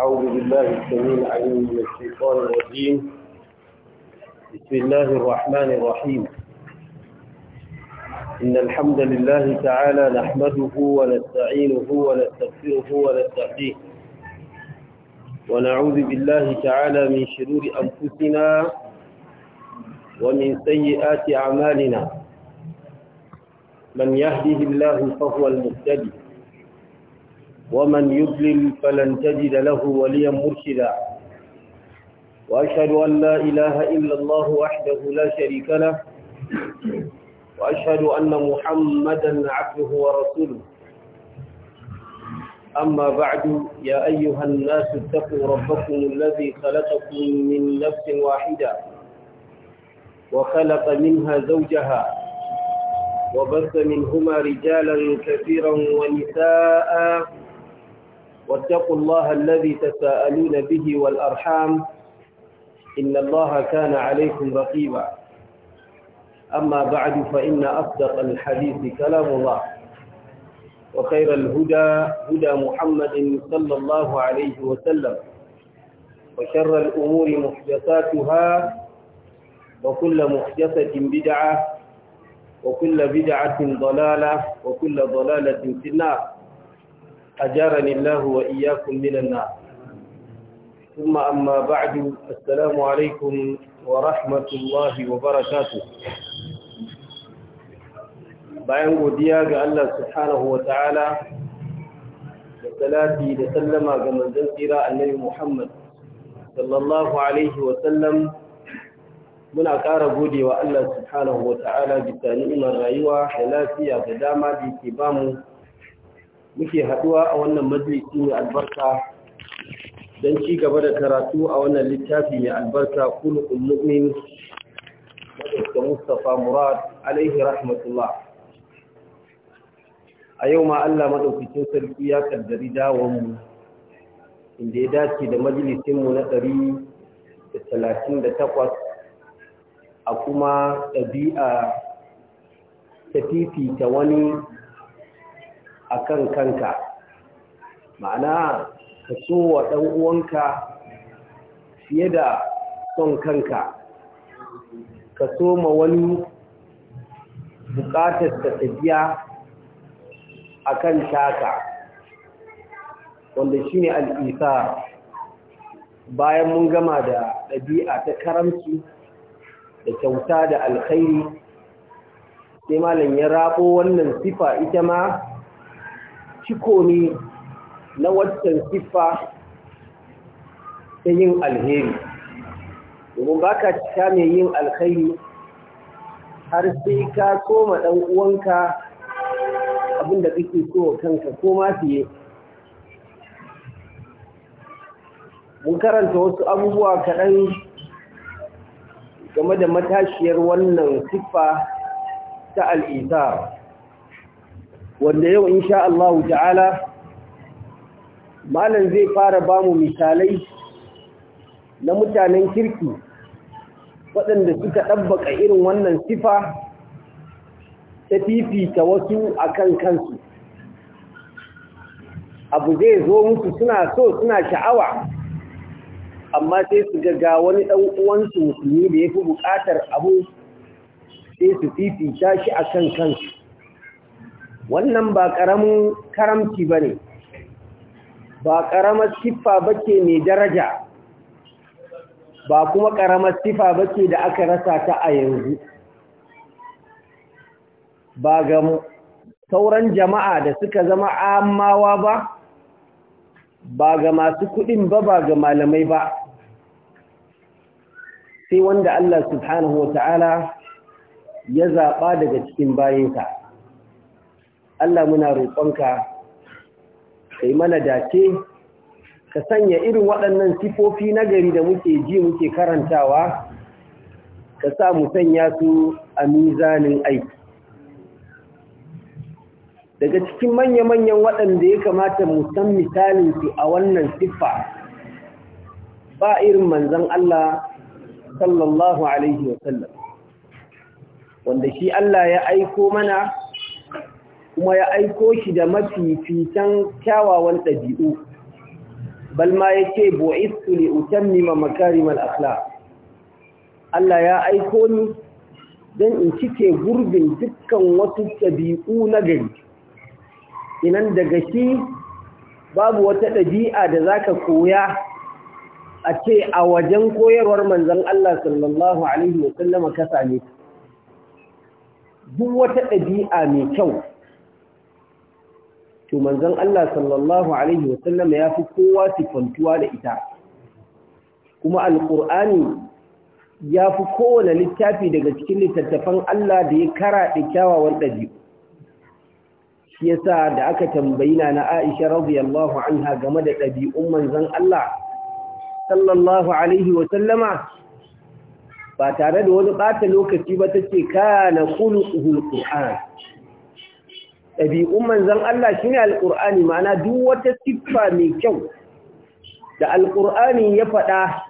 أعوذ بالله السميع العليم من الشيطان الرجيم بسم الله الرحمن الرحيم إن الحمد لله تعالى نحمده ونستعينه ونستغفره ونستهديه ونعوذ بالله تعالى من شرور أنفسنا ومن سيئات أعمالنا من يهده الله فهو المهتدي ومن يضلل فلن تجد له وليا مرشدا وأشهد أن لا إله إلا الله وحده لا شريك له وأشهد أن محمدا عبده ورسوله أما بعد يا أيها الناس اتقوا ربكم الذي خلقكم من نفس واحدة وخلق منها زوجها وبث منهما رجالا كثيرا ونساء واتقوا الله الذي تساءلون به والأرحام إن الله كان عليكم رقيبا أما بعد فإن أصدق الحديث كلام الله وخير الهدى هدى محمد صلى الله عليه وسلم وشر الأمور محدثاتها وكل محدثة بدعة وكل بدعة ضلالة وكل ضلالة في النار أجارني الله وإياكم من النار ثم أما بعد السلام عليكم ورحمة الله وبركاته bayan godiya ga Allah subhanahu wata'ala da salati da sallama ga manzon tsira annabi Muhammad sallallahu alaihi wa sallam muna ƙara godewa Allah subhanahu wata'ala bisa ni'imar rayuwa da lafiya da dama da yake bamu muke haɗuwa a wannan majalisi mai albarka don ci gaba da karatu a wannan littafi mai albarka kulukun mu'min da Mustapha Murad alaihi rahmatullah a yau ma Allah maɗaukacin sarki ya kaddari dawonmu inda ya dace da majalisinmu na ɗari da talatin da a kuma ɗabi'a ta fifita wani a kan kanka ma'ana ka so wa ɗan uwanka fiye da son kanka ka so ma wani buƙatar ta tafiya a kan taka wanda shi ne al'isa bayan mun gama da ɗabi'a ta karamci da kyauta da alkhairi sai malam ya rabo wannan sifa ita ma ciko ne na wancan siffa ta yin alheri domin ba ka cika mai yin alkhairi har sai ka koma ɗan uwanka abinda kake so kanka ko ma fiye mun karanta wasu abubuwa kaɗan game da matashiyar wannan siffa ta al'isa wanda yau insha Allah ta'ala malam zai fara bamu misalai na mutanen kirki waɗanda suka ɗabbaka irin wannan sifa ta fifita wasu akan kansu abu zai zo musu suna so suna sha'awa amma sai su ga wani ɗan uwansu musulmi da ya fi buƙatar abu sai su fifita shi akan kansu wannan ba ƙaramin karamci ba ne ba ƙaramar siffa ba ke mai daraja ba kuma ƙaramar siffa ba ke da aka rasa ta a yanzu ba ga sauran jama'a da suka zama amawa ba ba ga masu kuɗin ba ba ga malamai ba sai wanda Allah subhanahu wa ta'ala ya zaɓa daga cikin bayinsa Allah muna roƙonka kai mana dace ka sanya irin waɗannan sifofi na gari da muke ji muke karantawa ka sa mu sanya su a mizanin aiki daga cikin manya-manyan waɗanda ya kamata mu san misalin su a wannan siffa ba irin manzan Allah sallallahu Alaihi wasallam wanda shi Allah ya aiko mana kuma ya aiko shi da mafifitan kyawawan ɗabi'u Balma ya ce bu'istu li utammima makarimal akhlaq Allah ya aiko ni don in cike gurbin dukkan wasu ɗabi'u na gari inan daga shi babu wata ɗabi'a da zaka koya a ce a wajen koyarwar manzon Allah sallallahu alaihi wa ka duk wata ɗabi'a mai kyau to manzon Allah sallallahu alaihi wa sallam ya fi kowa sifantuwa da ita kuma alqur'ani ya fi kowane littafi daga cikin littattafan Allah da ya kara da kyawawan ɗabi'u shi yasa da aka tambayi na Aisha radiyallahu anha game da ɗabi'un manzon Allah sallallahu alaihi wa sallama? ba tare da wani ɓata lokaci ba tace ce kana kulukuhul qur'an ɗabi'un manzan Allah shine alƙur'ani ma'ana duk wata siffa mai kyau da alƙur'ani ya faɗa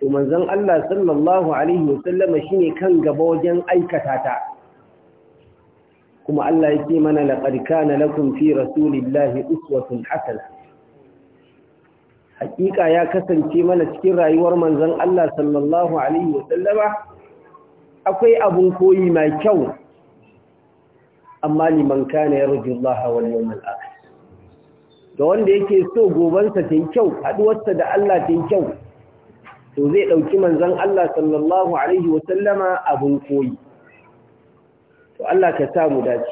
to manzan Allah sallallahu alaihi wasallama shine kan gaba wajen aikata ta kuma Allah ya ce mana na kana lakum fi rasulillahi uswatun hasana Haƙiƙa ya kasance mana cikin rayuwar manzan Allah sallallahu alaihi wasallama akwai abun koyi mai kyau amma liman kana yarju Allah wal yawmal akhir da wanda yake so gobansa ta kyau haduwarsa da Allah ta kyau to zai dauki manzon Allah sallallahu alaihi wa sallama abun koyi to Allah ka samu dace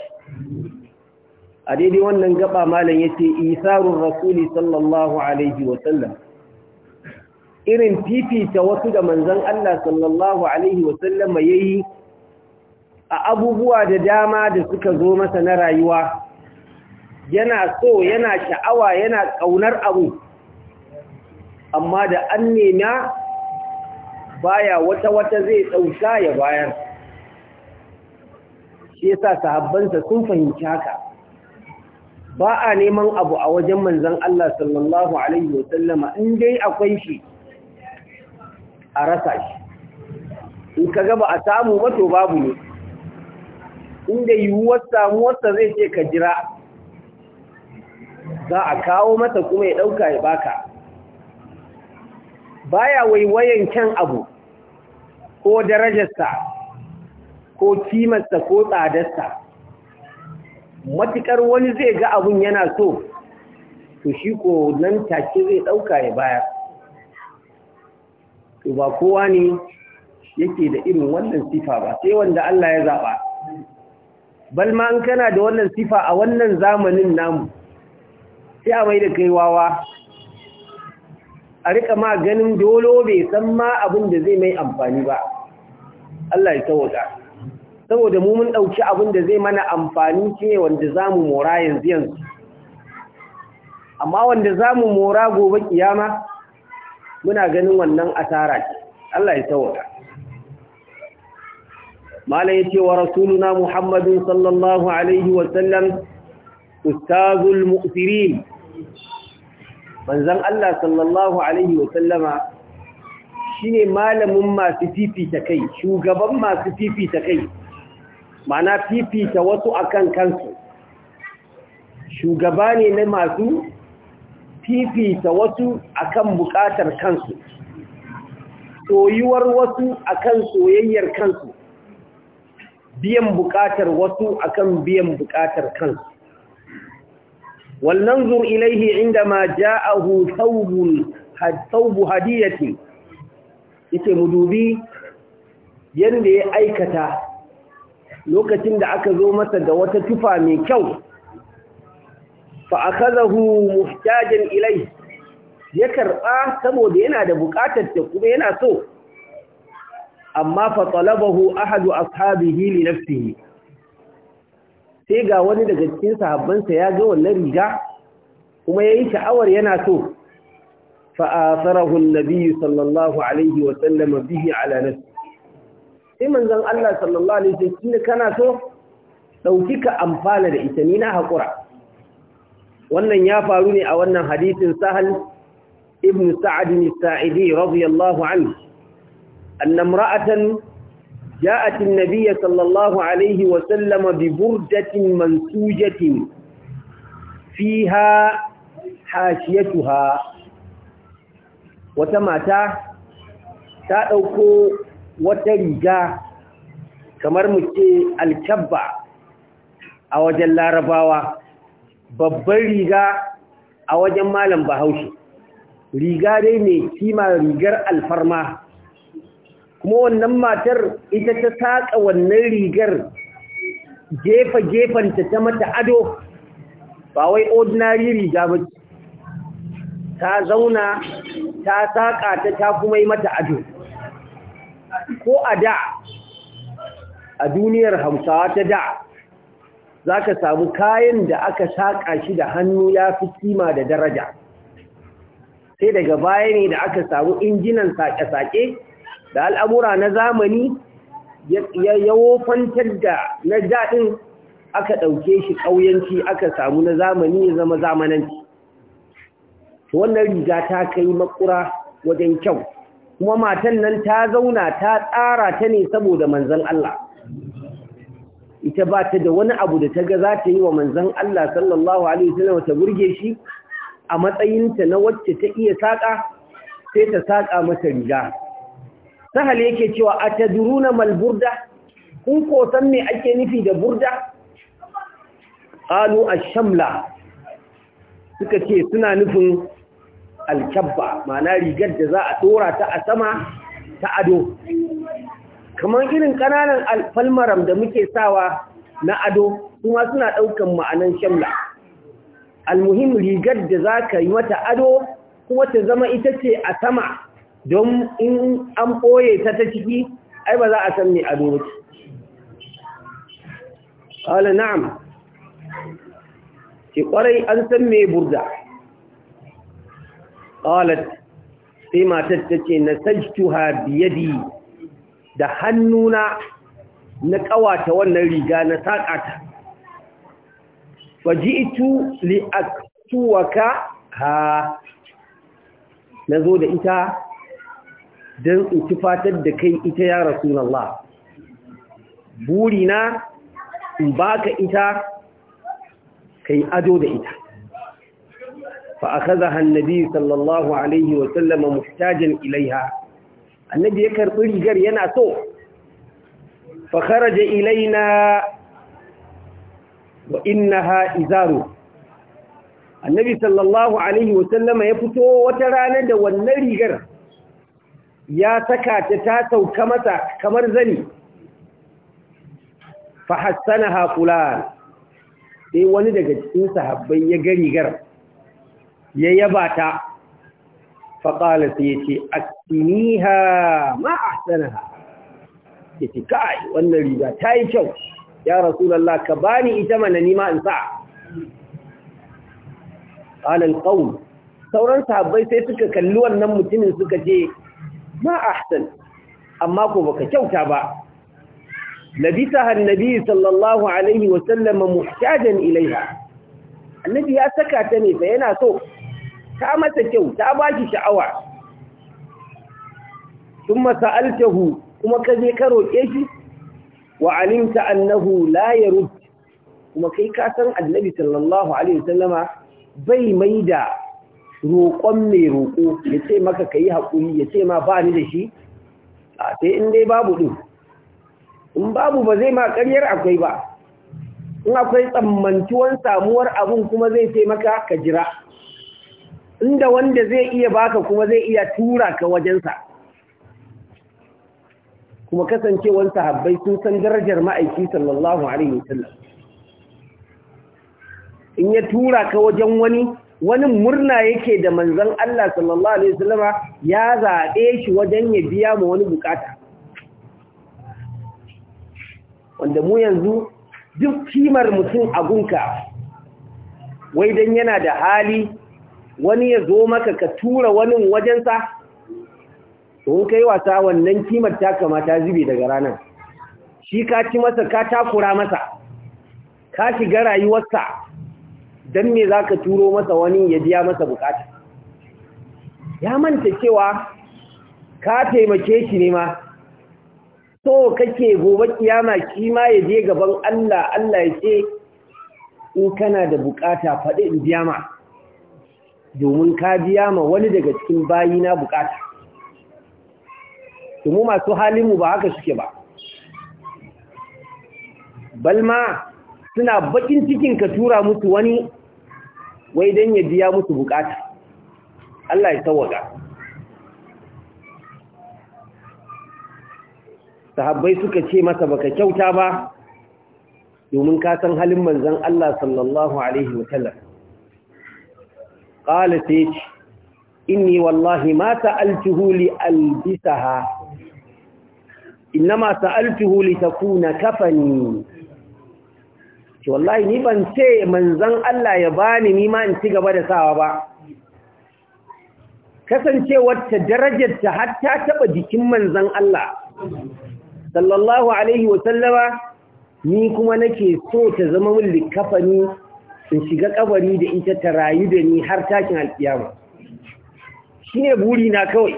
a daidai wannan gaba malam yace isarur rasuli sallallahu alaihi wa sallam irin fifita wasu da manzon Allah sallallahu alaihi wa sallama yayi a abubuwa da dama da suka zo masa na rayuwa yana so yana sha'awa yana ƙaunar abu amma da an nema baya wata-wata zai ɗauka ya bayar shi yasa sahabbansa sun fahimci haka ba a neman abu a wajen manzan Allah sallallahu Alaihi wasallama in dai akwai shi a rasa shi in ka gaba a samu to babu ne inda yiwuwar samuwarsa zai ce ka jira za a kawo mata kuma ya ɗauka ya baka baya waiwayen kyan abu ko darajarsa ko kimarsa ko tsadarsa matuƙar wani zai ga abun yana so to shi ko nan take zai ɗauka ya baya. to ba kowa ne yake da irin wannan sifa ba sai wanda Allah ya zaɓa bal ma an kana da wannan sifa a wannan zamanin namu sai a mai da kai wawa a rika ma ganin dolo bai san ma abin da zai mai amfani ba Allah ya tawaka saboda mu mun dauki abin da zai mana amfani ce wanda zamu mora yanzu yanzu amma wanda zamu mora gobe kiyama muna ganin wannan asara ce Allah ya tawaka mala yace wa rasuluna muhammadin sallallahu alaihi wa sallam ustazul mu'sirin manzon Allah sallallahu alaihi wa sallama shine malamin masu fifita kai shugaban masu fifita kai mana fifita wasu akan kansu shugaba ne na masu fifita wasu akan bukatar kansu soyuwar wasu akan soyayyar kansu biyan buƙatar wasu akan biyan buƙatar kansu wannan zur ilaihi inda ma ja'ahu thawbu hadiyati yace mu dubi yanda ya aikata lokacin da aka zo masa da wata tufa mai kyau fa akhadahu muhtajan ilaihi ya karba saboda yana da buƙatar ta kuma yana so amma fa ahadu ashabihi li nafsihi sai ga wani daga cikin sahabbansa ya ga wannan riga kuma yayi sha'awar yana so fa asarahu annabi sallallahu alaihi wa sallam bihi ala nafsi sai manzon Allah sallallahu alaihi wa kin kana so dauki ka amfana da ita ni na hakura wannan ya faru ne a wannan hadisin sahal ibn sa'd bin sa'idi radiyallahu anhu أن امرأة جاءت النبي صلى الله عليه وسلم ببردة منسوجة فيها حاشيتها وتماتا تأوكو riga kamar muke ce alkyabba a wajen larabawa babban riga a wajen malam bahaushe riga dai mai kima rigar alfarma kuma wannan matar ita ta saƙa wannan rigar jefa gefenta ta mata ado ba wai ordinary riga ba ta zauna ta saƙa ta ta kuma yi mata ado ko a da a duniyar hausawa ta da za ka samu kayan da aka saƙa shi da hannu ya fi kima da daraja sai daga baya ne da aka samu injinan saƙe-saƙe da al'amura na zamani ya yawo fantar da na daɗin aka ɗauke shi ƙauyanci aka samu na zamani ya zama zamananci wannan riga ta kai makura wajen kyau kuma matan nan ta zauna ta tsara ta ne saboda manzan Allah ita ba ta da wani abu da ta ga za ta yi wa manzan Allah sallallahu Alaihi wasallam ta burge shi a matsayinta na wacce ta iya saƙa sai ta saƙa mata riga sahal yake cewa atadruna mal burda kun ko san me ake nufi da burda qalu a shamla suka ce suna nufin alkabba ma'ana rigar da za a tora ta a sama ta ado kamar irin ƙananan alfalmaram da muke sawa na ado kuma suna ɗaukan ma'anan shamla almuhim rigar da za ka yi mata ado kuma ta zama ita ce a sama don in an ɓoye ta ta ciki ai ba za a san mai ado wuce ƙwala na'am ce ƙwarai an san mai burda ƙwalat sai matar ta ce na sajtuha biyadi da hannuna na ƙawata wannan riga na saƙata faji'tu li'aktuwaka ha na zo da ita don in tufatar da kai ita ya rasulallah burina in ba ka ita yi ado da ita fa akhadha annabi sallallahu alaihi wa sallam muhtajan ilaiha annabi ya karɓi rigar yana so fa kharaja ilaina wa innaha izaru annabi sallallahu alaihi wa sallama ya fito wata rana da wannan rigar ya saka ta ta sauka mata kamar zani fahassana haƙulan sai wani daga cikin sahabbai ya gari gar ya yaba ta faƙala sai ya ce aktiniha ma ahsanaha ya ce kai wannan riga ta yi kyau ya rasulallah ka bani ita mana nima in sa ƙalal ƙaun sauran sahabbai sai suka kalli wannan mutumin suka ce ma ahsan amma ko baka kyauta ba labisaha annabi sallallahu alaihi wa sallam muhtajan ilaiha annabi ya saka ta ne fa yana so ta masa kyau ta baki sha'awa thumma sa'altahu kuma ka je ka roke shi wa alimta annahu la yarud kuma kai ka san annabi sallallahu alaihi wa sallama bai maida roƙon mai roƙo ya ce maka ka yi haƙuri ya ce ma ba ni da shi a sai in dai babu ɗin in babu ba zai ma ƙaryar akwai ba in akwai tsammantuwan samuwar abun kuma zai ce maka ka jira inda wanda zai iya baka kuma zai iya tura ka wajensa kuma kasancewar sahabbai sun san darajar ma'aiki sallallahu alaihi wasallam in ya tura ka wajen wani wani murna yake da manzon Allah sallallahu alaihi wasallama ya zaɓe shi wajen ya biya ma wani bukata wanda mu yanzu duk kimar mutum a wai dan yana da hali wani ya zo maka ka tura wani wajensa in kai wasa wannan kimar ta kamata zube daga ranar shi ka ci masa ka takura masa ka shiga rayuwarsa don me za ka turo masa wani ya biya masa bukata ya manta cewa ka taimake shi ne ma so kake gobe kiyama shi ma ya je gaban Allah Allah ya ce in kana da bukata faɗi in biya ma domin ka biya ma wani daga cikin bayina bukata domin masu mu ba haka suke ba balma suna bakin cikin ka tura musu wani wai don ya biya musu bukata Allah ya tawaga sahabbai suka ce masa baka kyauta ba domin ka san halin manzon Allah sallallahu alaihi wasallam qala sai inni wallahi ma sa'altuhu li albisaha inma sa'altuhu li takuna kafani wallahi ni ban ce manzon Allah ya bani ni ma in ci gaba da sawa ba kasancewar ta darajar ta hatta ta taba jikin manzon Allah sallallahu alaihi wa sallama ni kuma nake so ta zama min likafani in shiga kabari da ita ta rayu da ni har takin alkiyama shine buri na kawai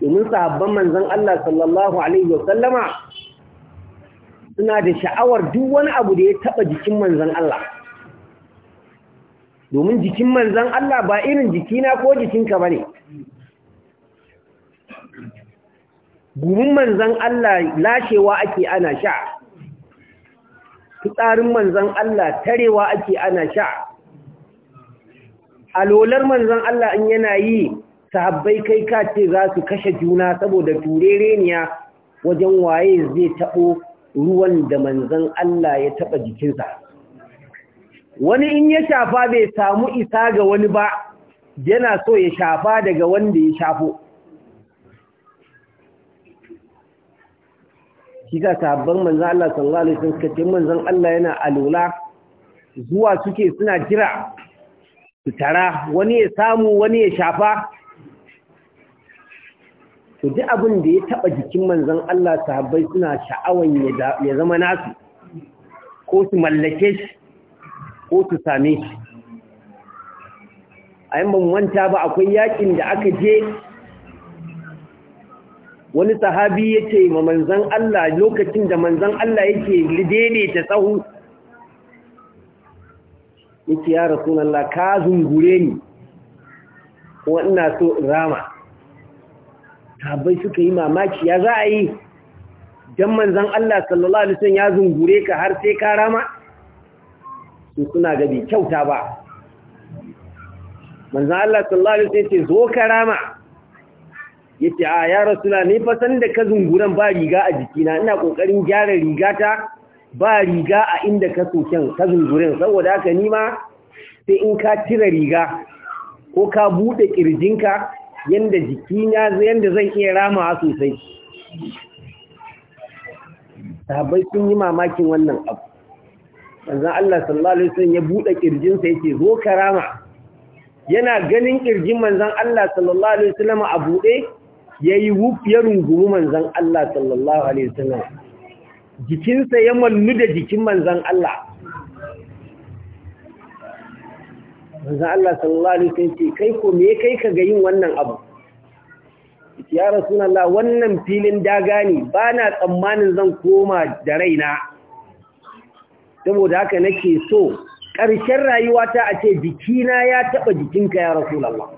domin sahabban manzan Allah sallallahu Alaihi wa sallama. suna da sha'awar duk wani abu da ya taɓa jikin manzan Allah domin jikin manzan Allah ba irin jikina ko jikinka ba ne gumin manzan Allah lashewa ake ana sha fitsarin manzan Allah tarewa ake ana sha alolar manzan Allah in yana yi sahabbai kai ka za su kashe juna saboda turereniya wajen waye zai taɓo ruwan da manzan Allah ya taɓa jikinsa. Wani in ya shafa bai samu isa ga wani ba, yana so ya shafa daga wanda ya shafo. Kika ka sabon manzan Allah sallallahu Alaihi suka ce manzan Allah yana alula zuwa suke suna jira su tara wani ya samu wani ya shafa to duk abin da ya taba jikin manzon Allah sahabbai suna sha'awan ya zama nasu ko su mallake shi ko su same shi a ban wanta ba akwai yakin da aka je wani sahabi ya ce ma manzon Allah lokacin da manzon Allah yake lidene ta tsahu yake ya rasulullah ka zungure ni ko ina so rama sahabbai suka yi mamaki ya za a yi don Manzan Allah sallallahu alaihi wasallam ya zungure ka har sai ka rama su suna ga kyauta ba Manzan Allah sallallahu alaihi wasallam ce zo ka rama ce a ya suna ni da ka zunguren ba riga a jikina ina kokarin gyara rigata ba riga a inda ka soken ka zungurin saboda haka nima sai in ka cire riga ko ka bude kirjinka yanda zai yanda zan iya ramawa sosai sahabbai sun yi mamakin wannan abu manzon Allah sallallahu alaihi wasallam ya bude kirjin sa yake zo karama yana ganin kirjin manzon Allah sallallahu alaihi wasallam a bude yayi wuf ya rungumi manzon Allah sallallahu alaihi wasallam jikinsa ya mallu da jikin manzon Allah manzan Allah sallallahu alaihi wasallam ce kai ko me kai ka ga yin wannan abu ya rasulullah wannan filin daga ne ba na tsammanin zan koma da raina saboda haka nake so ƙarshen rayuwata a ce jikina ya taɓa jikinka ya rasulallah.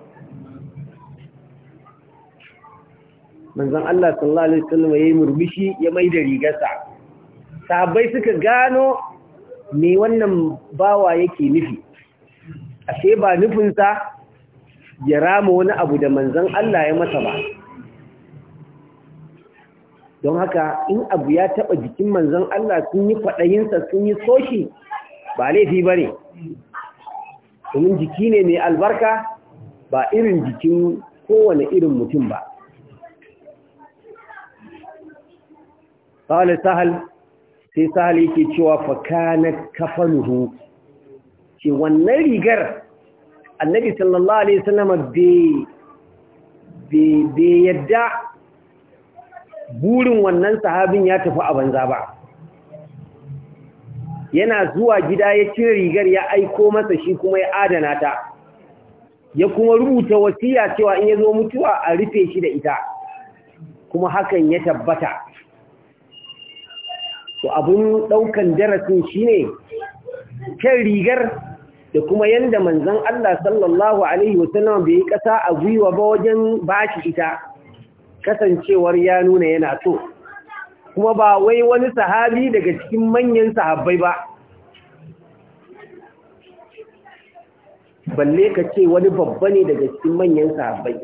manzan Allah sallallahu alaihi wasallam ya yi murmushi ya mai da rigarsa sahabbai suka gano me wannan bawa yake nufi ashe ba nufinsa ya rama wani abu da manzan Allah ya masa ba don haka in abu ya taɓa jikin manzan Allah sun yi kwaɗayinsa sun yi soshi ba laifi ba ne domin jiki ne mai albarka ba irin jikin kowane irin mutum ba ƙawar sahal sai sahal yake cewa fakanar kafanuhu ce wannan rigar annabi sallallahu alaihi wasallama bai yadda burin wannan sahabin ya tafi a banza ba yana zuwa gida ya cire rigar ya aiko masa shi kuma ya adana ta ya kuma rubuta wasiya cewa in ya zo mutuwa a rufe shi da ita kuma hakan ya tabbata to abin daukan darasin shine kan rigar da kuma yadda manzon Allah sallallahu alaihi wasallam bai kasa a gwiwa ba wajen bashi ita kasancewar ya nuna yana so kuma ba wai wani sahabi daga cikin manyan sahabbai ba balle ka ce wani babba ne daga cikin manyan sahabbai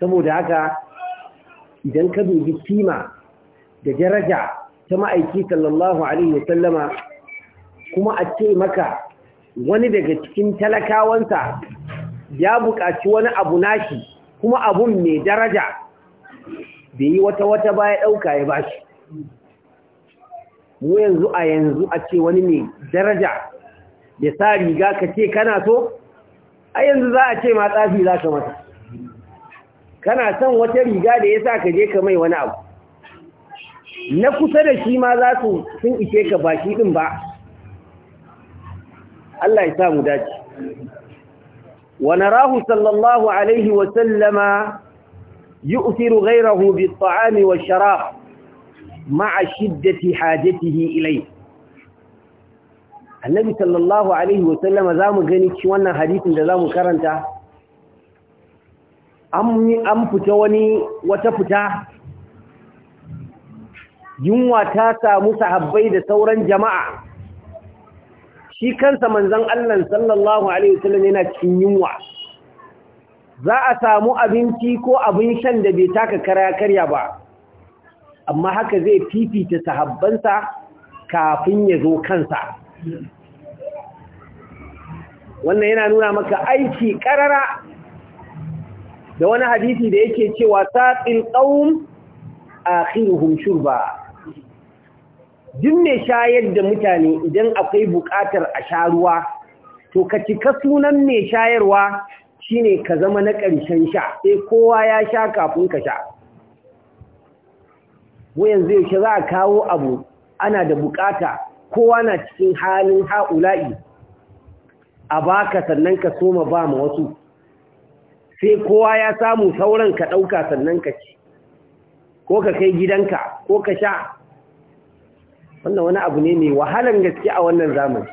saboda haka idan ka dubi kima da daraja ta ma'aiki sallallahu alaihi wasallama kuma a ce maka wani daga cikin talakawansa ya buƙaci wani abu nashi kuma abun mai daraja bai yi wata wata baya ɗauka ya bashi mu yanzu a yanzu a ce wani mai daraja ya sa riga ka ce kana so a yanzu za a ce ma tsafi za ka mata kana son wata riga da ya sa ka je ka mai wani abu na kusa da shi ma za su sun ishe ka baki din ba Allah ya sa mu dace wa narahu sallallahu alaihi wa sallama yu'thiru ghayrahu bi bit-ta'am wash-sharab ma'a shiddati hajatihi ilayhi Annabi sallallahu alaihi wa sallama za mu gani shi wannan hadisin da za mu karanta an fita wani wata fita yunwa ta samu sahabbai da sauran jama'a shi kansa manzon Allah sallallahu alaihi wasallam yana cikin yunwa za a samu abinci ko abin shan da bai taka kara karya ba amma haka zai fifita sahabbansa kafin ya zo kansa wannan yana nuna maka aiki karara da wani hadisi da yake cewa saqil a akhiruhum shurba duk mai shayar da mutane idan akwai buƙatar a sha ruwa to ka cika sunan mai shayarwa shine ka zama na ƙarshen sha sai kowa ya sha kafin ka sha wayan zai shi za a kawo abu ana da buƙata kowa na cikin halin ha'ula'i a baka sannan ka soma ba ma wasu sai kowa ya samu sauran ka ɗauka sannan ka ci ko ka kai gidanka ko ka sha wannan wani abu ne mai wahalar gaske a wannan zamani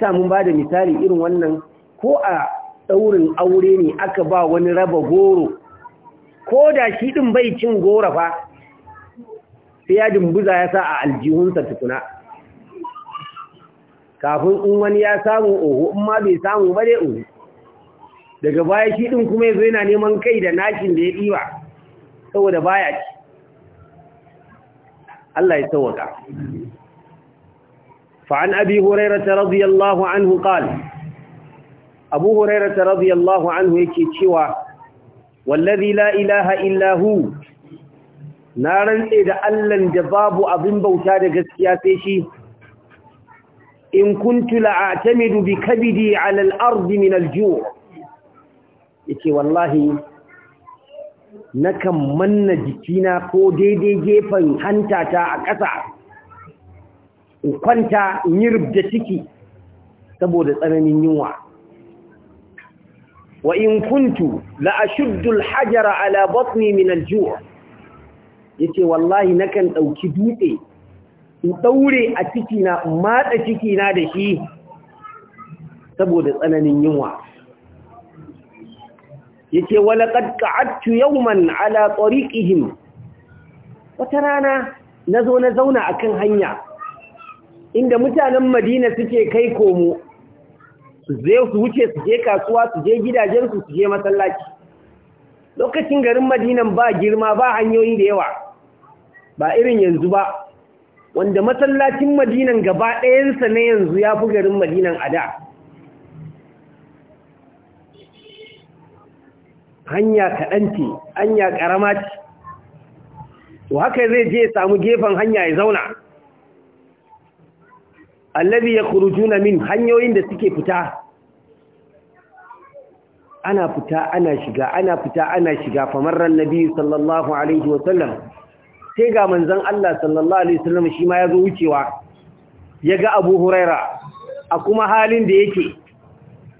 sa mun ba da misali irin wannan ko a ɗaurin aure ne aka ba wani raba goro ko da shi ɗin bai cin gora fa sai ya ya sa a aljihunsa tukuna kafin in wani ya samu oho in ma bai samu ba dai oho daga baya shi ɗin kuma ya zo yana neman kai da nashin da ya ɗiba saboda baya ci الله يتوقع فعن أبي هريرة رضي الله عنه قال أبو هريرة رضي الله عنه يكي تشوى والذي لا إله إلا هو نارا إذا ألا جباب أبن بوتاد قسياتيشي إن كنت لأعتمد بكبدي على الأرض من الجوع يكي والله nakan manna jikina ko daidai gefen hantata a ƙasa in kwanta in yi ciki saboda tsananin yunwa wa in kuntu la ashuddu hajara ala batni min al yace wallahi nakan dauki dutse in daure a ciki na matsa ciki na da shi saboda tsananin yunwa yake walaqad qa'adtu yawman ala tariqihim wata rana nazo na zauna akan hanya inda mutanen Madina suke kai komo su zai su wuce su je kasuwa su je gidajen su su je masallaci lokacin garin Madinan ba girma ba hanyoyi da yawa ba irin yanzu ba wanda masallacin Madinan gaba ɗayansa na yanzu yafi garin Madinan a da hanya kaɗan ce hanya ƙarama ce to haka zai je ya samu gefen hanya ya zauna allabi ya kurujuna min hanyoyin da suke fita ana fita ana shiga ana fita ana shiga nabi sallallahu alaihi wasallam sai ga manzan Allah sallallahu alaihi wasallam shi ma ya zo wucewa ya ga abu huraira a kuma halin da yake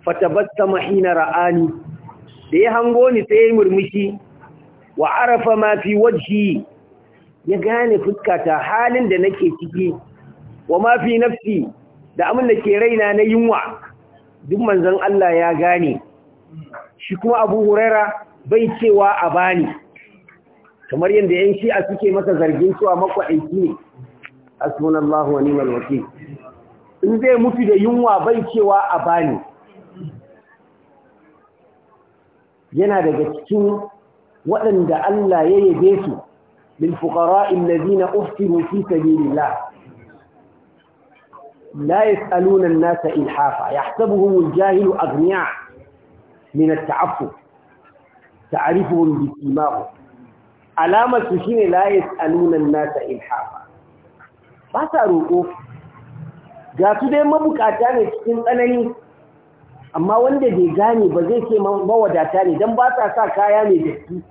fatabatta mahina ra'ani da ya hango ni sai ya murmushi wa arafa ma fi wajhi ya gane fuskata halin da nake ciki wa ma fi nafsi da amin da ke raina na yunwa duk manzon Allah ya gane shi kuma Abu Huraira bai cewa a bani kamar yadda yan a suke masa zargin cewa aiki ne asmanallahu wa ni'mal wakeel in zai mutu da yunwa bai cewa a bani yana daga cikin waɗanda Allah ya yabe su lil fuqara alladhina uftiru fi sabilillah la yasaluna an-nasa ilhafa yahsabuhum al-jahilu aghniya min at-ta'affuf ta'rifuhum bi simahum alamar su shine la yasaluna an-nasa ilhafa ba sa roko ga su dai mabukata ne cikin tsanani amma wanda bai gane ba zai ce mawadata ne don ba sa sa kaya mai datti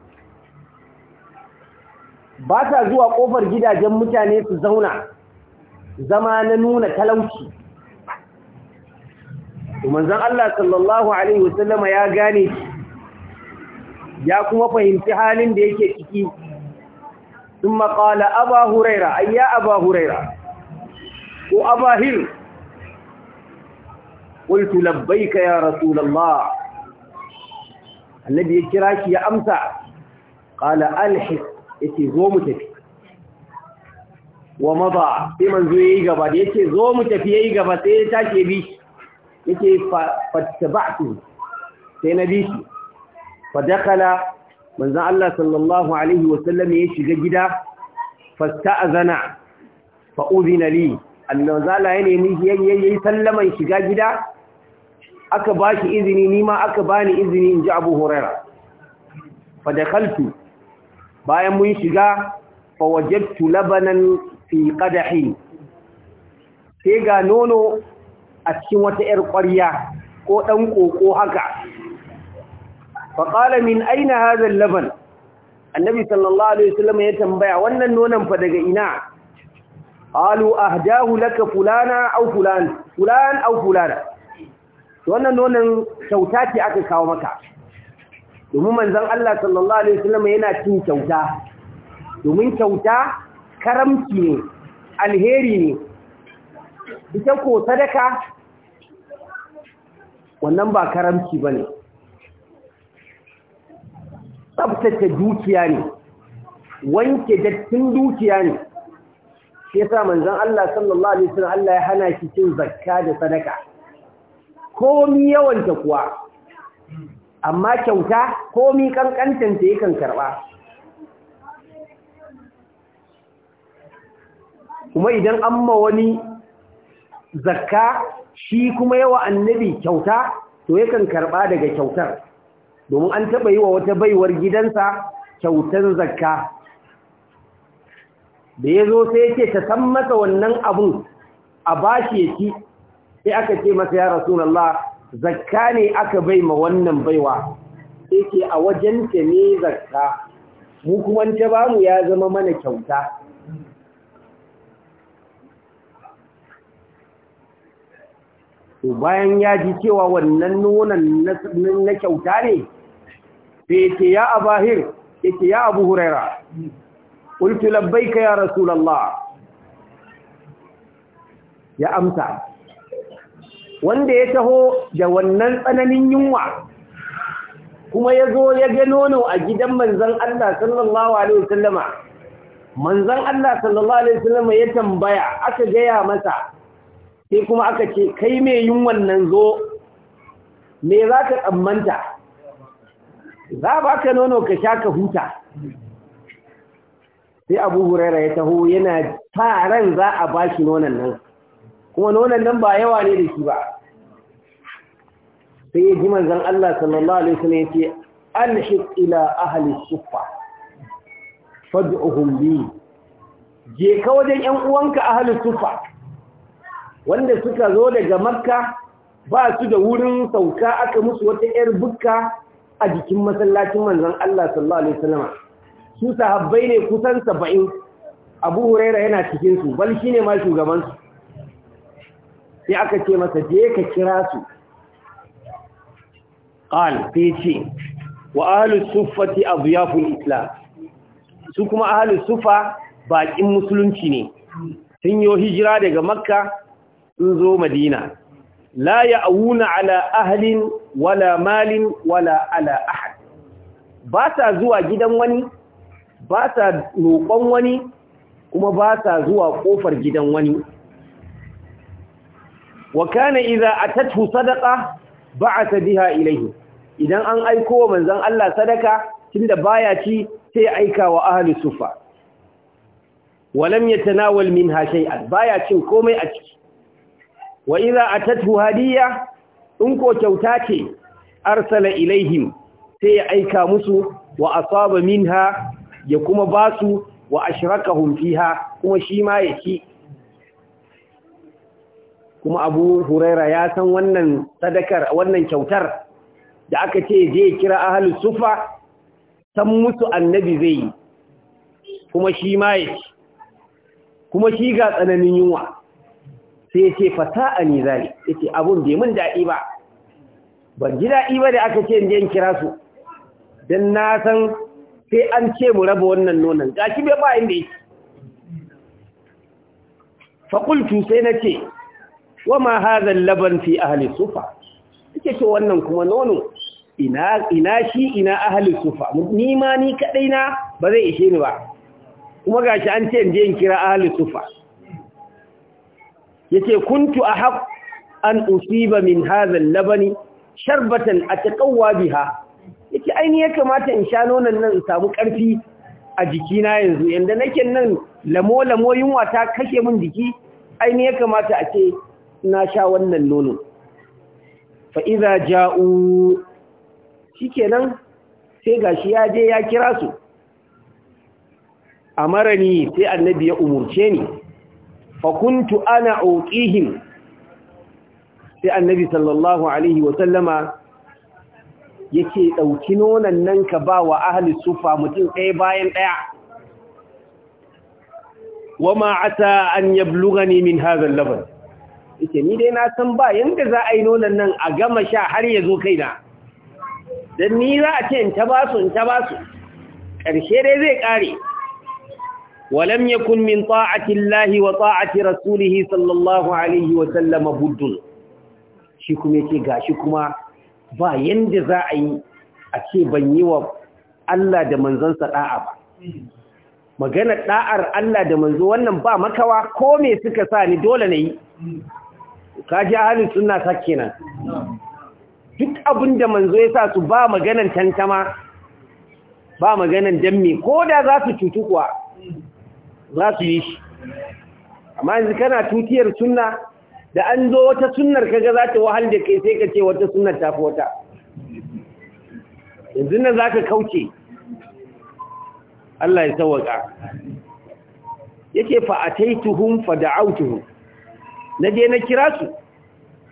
ba sa zuwa kofar gidajen mutane su zauna zama na nuna talauci manzon Allah sallallahu alaihi wasallama ya gane ya kuma fahimci halin da yake ciki Sun maƙala أبا هريرة ayya أبا هريرة ko qultu labbaika ya rasulullah annabi ya amsa qala sai manzo yayi gaba da yace zo mu yayi gaba sai ya take bi yace fattaba'tu sai ya shiga gida zala yayi sallaman shiga gida aka ba shi izini nima aka bani izini in ji abu huraira fadakaltu bayan mun shiga fawajattu labanan fi qadahin sai ga nono a cikin wata yar ƙwarya ko dan koko haka faqala min aina hadha laban annabi sallallahu alaihi wasallam ya tambaya wannan nonon fa daga ina qalu ahdahu laka fulana au fulana to wannan nonon kyauta ce aka kawo maka domin manzon Allah sallallahu alaihi wasallam yana cin kyauta domin kyauta karamci ne alheri ne ita ko sadaka wannan ba karamci bane tsabtace dukiya ne wanke dattin dukiya ne sai sa manzon Allah sallallahu alaihi wasallam Allah ya hana shi cin zakka da sadaka komi yawanta kuwa amma kyauta komi kankantanta yakan karba kuma idan an ma wani zakka shi kuma yawa annabi kyauta to yakan karba daga kyautar domin an taɓa yi wa wata baiwar gidansa kyautar zakka da ya zo sai ce ta san masa wannan abun a bashi ya ci sai aka ce masa ya rasulullah zakka ne aka bai ma wannan baiwa yake ce a wajenta ne zakka mu kuma ta bamu ya zama mana kyauta bayan ya ji cewa wannan nonon na kyauta ne sai ce ya abahir yake ya abu huraira ƙultu labbaika ya rasulallah ya amsa wanda ya taho da wannan tsananin yunwa kuma ya zo ya ga nono a gidan manzan Allah sallallahu alaihi wasallama manzan Allah sallallahu alaihi wasallama ya tambaya aka gaya masa sai kuma aka ce kai mai yin nan zo me za ka tsammanta za ba ka nono ka sha ka huta sai abu huraira ya taho yana ta ran za a ba shi nonon nan kuma wannan nan ba yawa ne da shi ba sai ya ji manzan Allah sallallahu alaihi wasallam ya ce alhiq ila ahli suffa fad'uhum bi je ka wajen ƴan uwanka ahli suffa wanda suka zo daga makka ba su da wurin sauka aka musu wata ƴar bukka a jikin masallacin manzon Allah sallallahu alaihi wasallam su sahabbai ne kusan 70 Abu Huraira yana cikin su bal shine ma shugaban su sai aka ce masa je ka kira su qal fi ce wa ahli suffati adyaful islam su kuma ahli sufa bakin musulunci ne sun yi hijira daga makka sun zo madina la ya'awuna ala ahlin wala malin wala ala ahad ba sa zuwa gidan wani ba sa roƙon wani kuma ba sa zuwa ƙofar gidan wani wa kana idza atatu sadaqa ba'ata biha idan an aiko wa manzon Allah sadaka tunda baya ci sai aika wa ahli sufa walam yatanawal minha shay'an baya cin komai a ciki wa idza atatu hadiya in ko kyauta ce arsala ilaihim sai ya aika musu wa asaba minha ya kuma basu wa ashrakahum fiha kuma shi ma ya ci kuma abu huraira ya san wannan sadakar wannan kyautar da aka ce je kira ahli sufa san musu annabi zai yi kuma shi ma kuma shi ga tsananin yunwa sai ya ce zali ya abun bai mun daɗi ba ban ji daɗi ba da aka ce in je in kira su dan na san sai an ce mu raba wannan nonon gashi bai ba inda yake fakultu sai na ce wa ma hadha laban fi ahli sufa yake ce wannan kuma nono ina ina shi ina ahli sufa ni ma ni kadai na ba zai ishe ni ba kuma gashi an ce je in kira ahli sufa yace kuntu ahq an usiba min hadha labani sharbatan ataqawwa biha yake aini ya kamata in sha nonon nan in samu karfi a jikina yanzu yanda nake nan lamo lamo yunwa ta kashe mun jiki aini ya kamata a ce na sha wannan nono fa'iza ja'u shi kenan sai gashi ya je ya kira su a marani sai annabi ya umurce ni fakuntu ana auƙihim sai annabi sallallahu alaihi wasallama ya ce ɗauki nonon nan ka ba wa ahli sufa mutum ɗaya bayan ɗaya wama ata an yablugani min hazan labar ita ni dai na san ba yanda za a yi nuna nan a gama sha har ya zo kaina dan ni za a ce in ta basu in ta basu ƙarshe dai zai ƙare ولم min من طاعة wa ta'ati رسوله sallallahu alaihi wa sallama بد shi kuma yake gashi kuma ba yanda za a yi a ce ban yi wa Allah da manzansa ɗa'a ba maganar ɗa'ar Allah da manzo wannan ba makawa ko me suka sa ni dole na yi kaji ahalin sunna ta kenan duk abinda da manzo ya sa su ba maganan tantama ba maganan dammi ko da za su cutu kuwa za su yi shi amma yanzu kana tutiyar sunna da an zo wata sunnar kaga za ta wahal da kai sai ka ce wata sunnar ta fi wata yanzu nan za ka kauce Allah ya sauwaka yake fa ataituhum fa da'awtuhum na je na kira su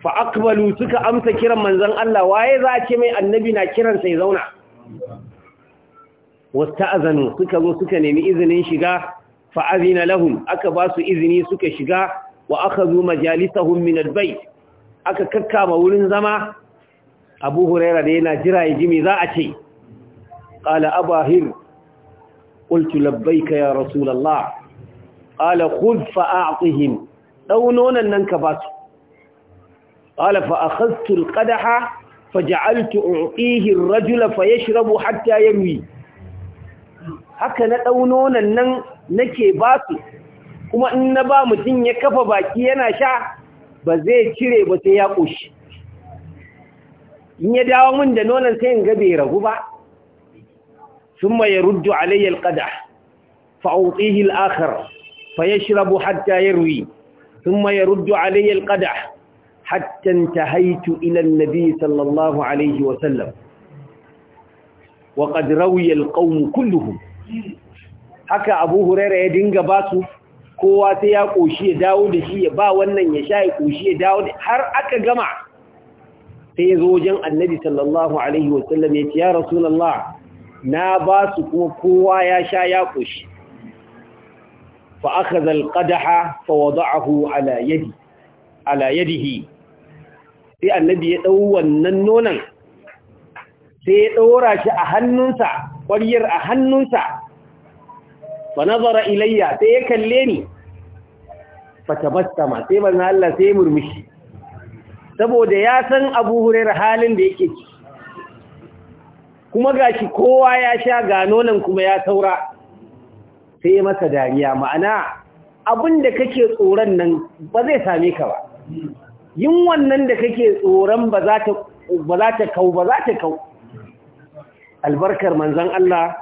fa aqbalu suka amsa kiran manzon Allah waye za a ce mai annabi na kiran sai zauna wasta'azanu suka zo suka nemi izinin shiga fa azina lahum aka ba su izini suka shiga wa akhadhu majalisahum min albayt aka kakkama wurin zama Abu Huraira da yana jira ya ji me za a ce qala abahir qultu labbayka ya rasulullah qala khudh fa'atihim ɗau nan ka ba su ƙala fa a ƙadaha fa ja'altu uqihin rajula fa ya shirabu hatta ya ruwi haka na ɗau nan nake ba su kuma in na ba mutum ya kafa baki yana sha ba zai cire ba sai ya ƙushi in ya dawo min da nonon sai in ga bai ragu ba sun ma ya ruddu alayyar ƙada fa'auƙihil fa ya shirabu hatta ya ruwi ثم يرد علي القدح حتى انتهيت إلى النبي صلى الله عليه وسلم وقد روي القوم كلهم haka abu huraira ya dinga ba su kowa sai ya koshi ya dawo da shi ya ba wannan ya sha ya koshi ya dawo da har aka gama sai ya zo wajen annabi sallallahu alaihi wasallam ya ce ya rasulallah na ba su kuma kowa ya sha ya koshi فأخذ القدح فوضعه على يدي على يده sai annabi ya ɗau wannan nonon sai ya ɗora shi a hannunsa ƙwariyar a hannunsa ba nazara ilayya sai ya kalle ni fata bastama sai ban Allah sai murmushi saboda ya san abu hurar halin da yake ci kuma gashi kowa ya sha ga nonon kuma ya taura sai masa dariya ma'ana abin da kake tsoron nan ba zai same ka ba yin wannan da kake tsoron ba za ta kau ba za ta kau albarkar manzan Allah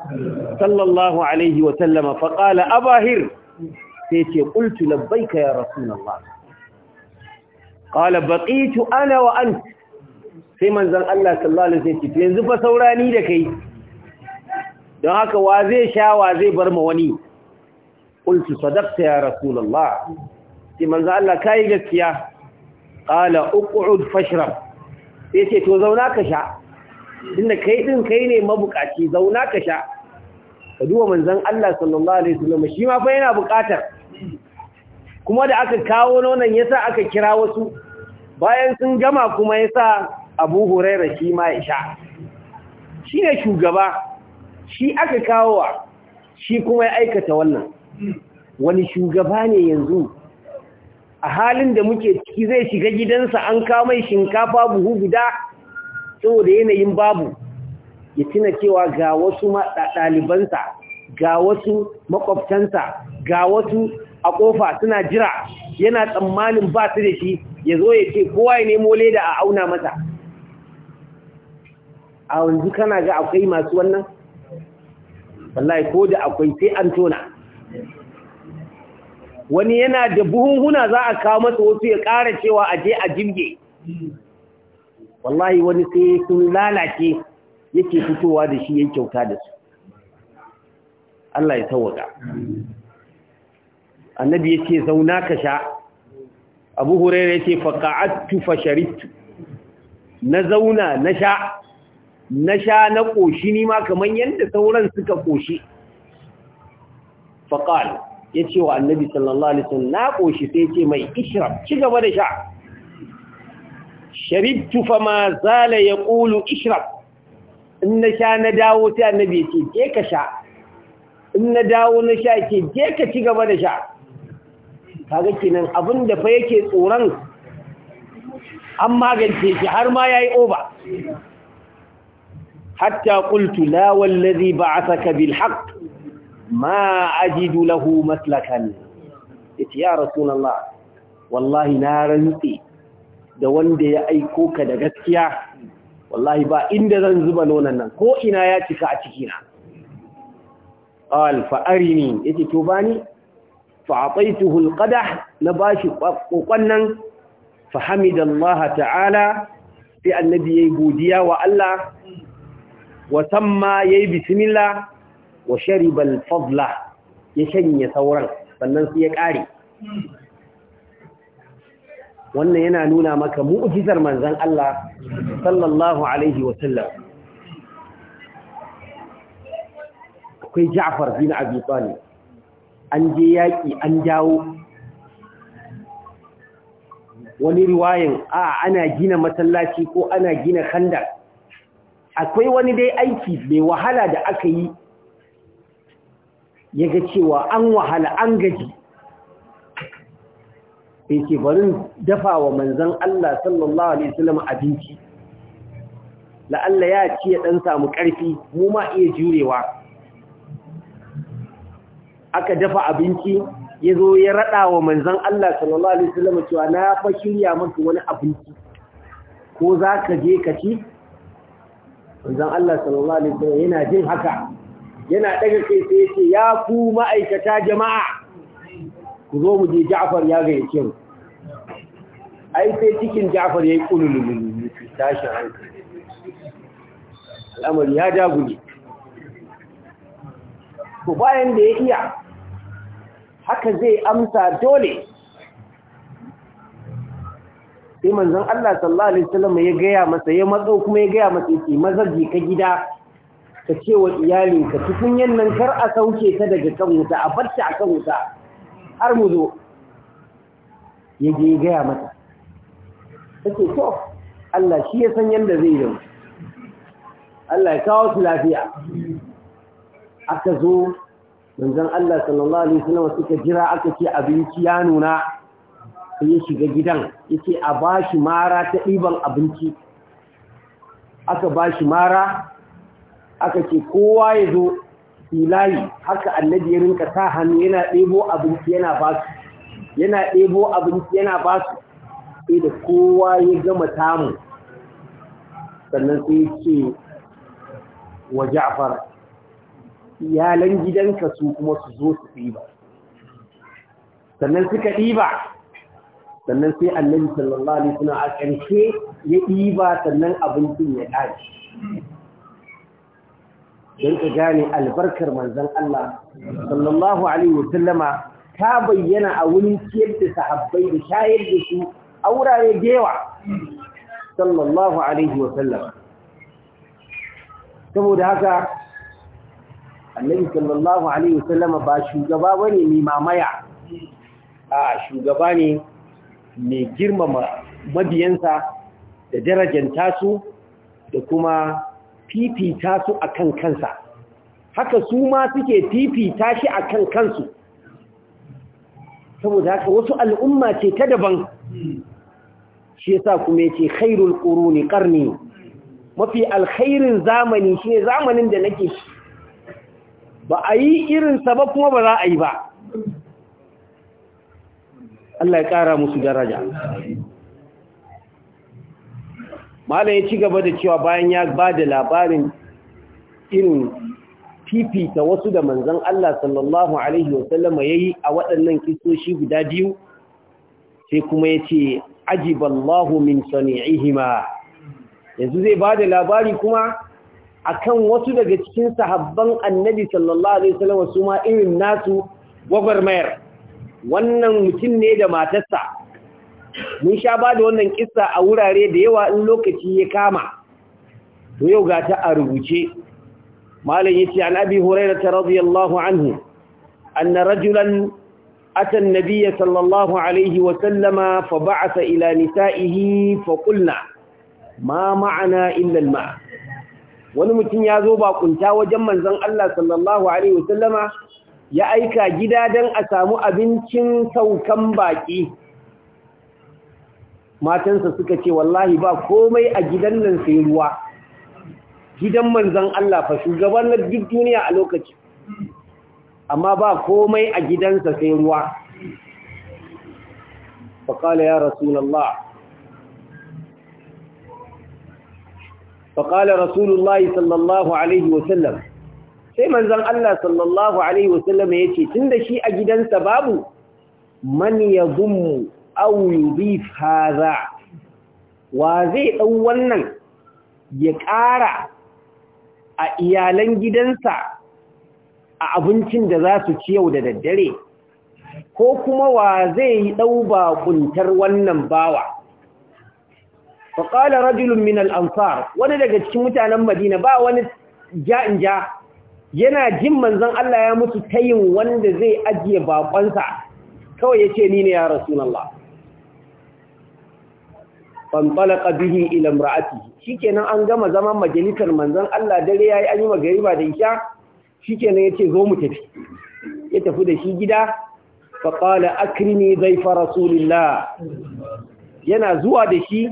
sallallahu alaihi wa sallama faƙala abahir sai ce ƙultu yara suna ba ƙala baƙitu ana wa an sai manzan Allah sallallahu alaihi wa sallam yanzu fa saurani da kai don haka wa zai sha wa zai bar ma wani qultu sadaqta ya rasulullah sai manzan Allah yi gaskiya qala uq'ud fashrab Ya ce to zauna ka sha tunda kai ɗin, kai ne mabukaci zauna ka sha ka duba manzon Allah sallallahu alaihi wasallam shi ma fa yana bukatar kuma da aka kawo nonon yasa aka kira wasu bayan sun gama kuma yasa Abu Hurairah shi ma ya sha ne shugaba shi aka kawo shi kuma ya aikata wannan wani shugaba ne yanzu a halin da muke ciki zai shiga gidansa an kawo mai shinkafa buhu guda saboda yanayin babu ya tuna cewa ga wasu ɗalibansa ga wasu makwabtansa ga wasu a ƙofa suna jira yana tsammanin ba su da shi ya zo ya ce kowa ya nemo leda a auna mata a wanzu kana ga akwai masu wannan wallahi ko da akwai sai an tona wani yana da buhunhuna za a kawo masa wasu ya ƙara cewa a je a jimge wallahi wani sai sun lalace yake fitowa da shi ya kyauta da su Allah ya tawaka annabi ya ce zauna ka sha abu hurairu ce faƙa'attu fasharitu na zauna na sha na sha na ƙoshi ni ma kamar yadda sauran suka ƙoshi ya ce wa annabi sallallahu alaihi wasallam na koshi sai ce mai ishrab ci gaba da sha Sharif sharibtu fama zala yaqulu ishrab in na sha na dawo sai annabi ce je ka sha in na dawo na sha ke je ka ci gaba da sha kaga kenan da fa yake tsoron an magance shi har ma ya yayi over hatta qultu la wallazi ba'athaka bil haqq ma ajidu lahu maslakan yace ya rasulullah wallahi na rantsi da wanda ya aiko ka da gaskiya wallahi ba inda zan zuba nonan nan ko ina ya cika a cikina qal fa arini yace to bani fa ataituhu alqadah na bashi kokon nan fa ta'ala sai annabi yayi godiya wa Allah wa samma yayi bismillah wa sharibal fadla ya shanye sauran sannan sai ya ƙare wannan yana nuna maka mu'jizar manzon Allah sallallahu alaihi wa sallam akwai Ja'far bin Abi Talib an je yaki an dawo wani riwayan a ana gina masallaci ko ana gina khandar akwai wani dai aiki mai wahala da aka yi ya ga cewa an wahala an gaji ya ce barin dafa wa manzan Allah sallallahu Alaihi wasallam abinci la'alla ya ce ya ɗan samu ƙarfi mu ma iya jurewa aka dafa abinci ya zo ya raɗa wa manzan Allah sallallahu Alaihi wasallam cewa na fa shirya maka wani abinci ko za ka je ka ci manzan Allah sallallahu Alaihi wasallam yana jin haka yana daga kai sai ce ya ku ma'aikata jama'a ku zo mu je Ja'far ya ga yake ai sai cikin Ja'far yayi kulululu tashi hankali al'amari ya ne. ku bayan da ya iya haka zai amsa dole sai manzon Allah sallallahu alaihi wasallam ya gaya masa ya matso kuma ya gaya masa yake mazarji ka gida ka ce wa iyalinka tukunyan nan kar a sauke ta daga kan wuta a farta a kan wuta har mu zo ya je gaya mata ta ce to Allah shi ya san yadda zai yau Allah ya kawo su lafiya aka zo manzon Allah sallallahu alaihi wasallam suka jira aka ce abinci ya nuna sai ya shiga gidan yace a bashi mara ta ɗiban abinci aka bashi mara aka ce kowa ya zo filayi haka annabi ya rinka sa hannu yana ɗebo abinci yana ba su yana ɗebo abinci yana ba su sai da kowa ya gama tamu sannan sai ya ce wa ja'far iyalan gidanka su kuma su zo su ɗiba sannan suka ɗiba sannan sai annabi sallallahu alaihi wasallam a ƙarshe ya ɗiba sannan abincin ya ɗaci don ka gane albarkar manzan Allah sallallahu alaihi wasallama ta bayyana a wurin ciyar da sahabbai da shayar da su a wurare da yawa sallallahu alaihi wasallama saboda haka annabi sallallahu alaihi wasallama ba shugaba bane mai mamaya a shugaba ne mai girmama mabiyansa da darajanta su da kuma fifita su akan kansa haka su ma suke fifita shi akan kansu saboda haka wasu al'umma ce ta daban shi yasa kuma ce khairul quruni ƙarni mafi alkhairin zamani shine zamanin da nake shi ba a yi irinsa ba kuma ba za a yi ba Allah ya ƙara musu daraja malam ya ci gaba da cewa bayan ya ba da labarin irin fifita wasu da manzan Allah sallallahu Alaihi wasallama ya yi a waɗannan kistoshi guda biyu sai kuma ya ce ajiballahu min sani'ihima yanzu zai ba da labari kuma akan wasu daga cikin sahabban annabi sallallahu Alaihi wasallama su ma irin nasu gwagwarmayar wannan mutum ne da matarsa mun sha ba da wannan kissa a wurare da yawa in lokaci ya kama to yau ga ta a rubuce malam yace an abi ta radiyallahu anhu anna rajulan ata an sallallahu alayhi wa sallama fa ba'atha ila nisa'ihi fa qulna ma ma'ana illa al-ma wani mutum ya zo bakunta wajen manzon Allah sallallahu alaihi wa sallama ya aika gida dan a samu abincin saukan baki matansa suka ce wallahi ba komai a gidan nan sai ruwa gidan manzan Allah fa shugaban na duk duniya a lokaci amma ba komai a gidansa sai ruwa faƙala ya rasulallah faƙala rasulullahi sallallahu alaihi wasallam sai manzan Allah sallallahu alaihi wasallam ya ce tun da shi a gidansa babu man ya aw yudif hadha wa zai dau wannan ya ƙara a iyalan gidansa a abincin da za su ci yau da daddare ko kuma wa zai dau baƙuntar wannan bawa fa qala rajulun min al-ansar wani daga cikin mutanen Madina ba wani ja'in ja yana jin manzon Allah ya mutu tayin wanda zai ajiye baƙonsa, kawai yace ni ne ya Allah. fanfalaka bihi ila imra'atihi shikenan an gama zaman majalisar manzon Allah dare yayi an yi magariba da isha shikenan yace zo mu tafi ya tafi da shi gida fa qala akrimi dhaifa rasulillah yana zuwa da shi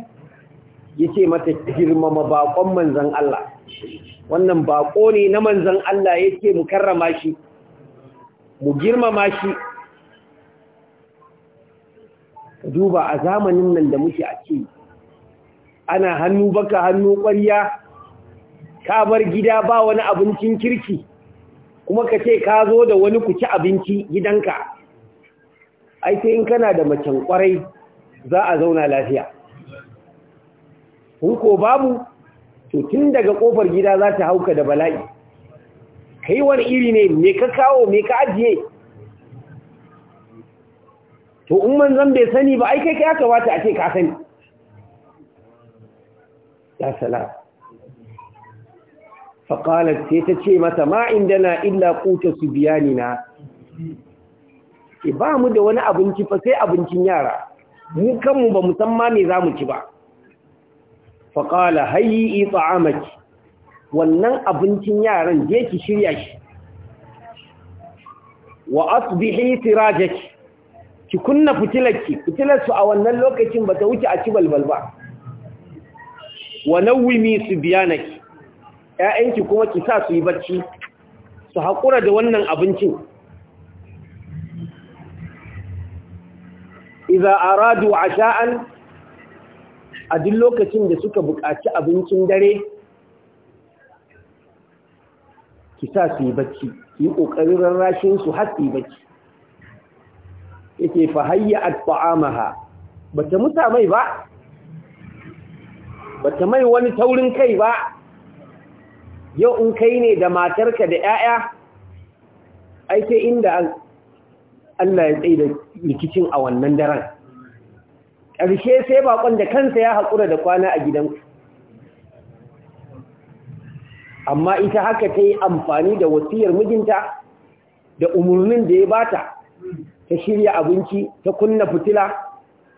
yace mata girmama bakon manzon Allah wannan bako ne na manzon Allah yake mu karrama shi mu girmama shi duba a zamanin nan da muke a ciki ana hannu baka hannu ƙwariya ka bar gida ba wani abincin kirki kuma ka ce ka zo da wani ku abinci gidanka ai sai in kana da macen ƙwarai za a zauna lafiya Kun ko babu to tun daga ƙofar gida za ta hauka da bala'i kai wani iri ne me ka kawo me ka ajiye to in zan bai sani ba ai kai ka kamata a ce ka sani ya sala faƙalar sai ta ce mata inda na illa ƙuta su biya ni na ba mu da wani abinci fa sai abincin yara mu kanmu ba mu musamman me za mu ci ba faƙala hayi hayyi ta'amaki wannan abincin yaran je ki shirya shi wa asbihi tirajaki ki kunna fitilarki fitilarsu a wannan lokacin ba ta wuce a ci balbal ba wa nawwimi naki? ƴaƴanki kuma ki sa su yi barci su haƙura da wannan abincin idza aradu asha'an a duk lokacin da suka buƙaci abincin dare ki sa su yi barci. yi ƙoƙarin rarrashin su har su yi barci. yake fahayya hayya at ta'amaha bata musa mai ba bata mai wani taurin kai ba yau in kai ne da matarka da 'ya'ya ai sai inda Allah ya tsaye da rikicin a wannan daren ƙarshe sai bakon da kansa ya haƙura da kwana a gidanku amma ita haka ta yi amfani da wasiyar mijinta da umarnin da ya bata ta shirya abinci ta kunna fitila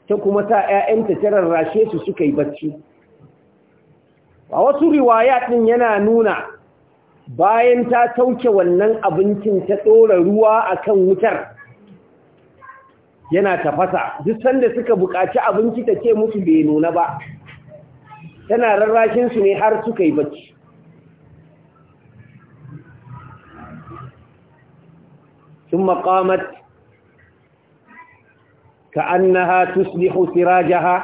ta kuma sa 'ya'yanta ta rarrashe su suka yi bacci a wasu riwaya ɗin yana nuna bayan ta sauke wannan abincin ta ɗora ruwa akan wutar yana tafasa duk sanda suka buƙaci abinci ta ce musu bai nuna ba tana rarrakin su ne har suka yi bacci ثم قامت كأنها تصلح سراجها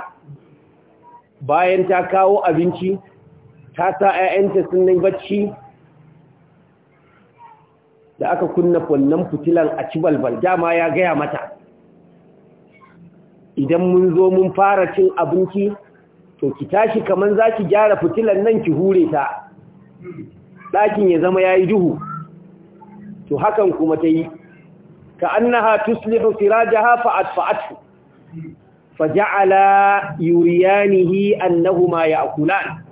bayan ta kawo abinci ta sa 'ya'yanta sun yi bacci da aka kunna wannan fitilan a ci balbal dama ya gaya mata idan mun zo mun fara cin abinci to ki tashi kamar za ki gyara fitilan nan ki hure ta ɗakin ya zama ya yi duhu to hakan kuma ta yi ka annaha tuslihu sirajaha fa'at fa'atu faja'ala yuriyanihi annahuma ya'kulan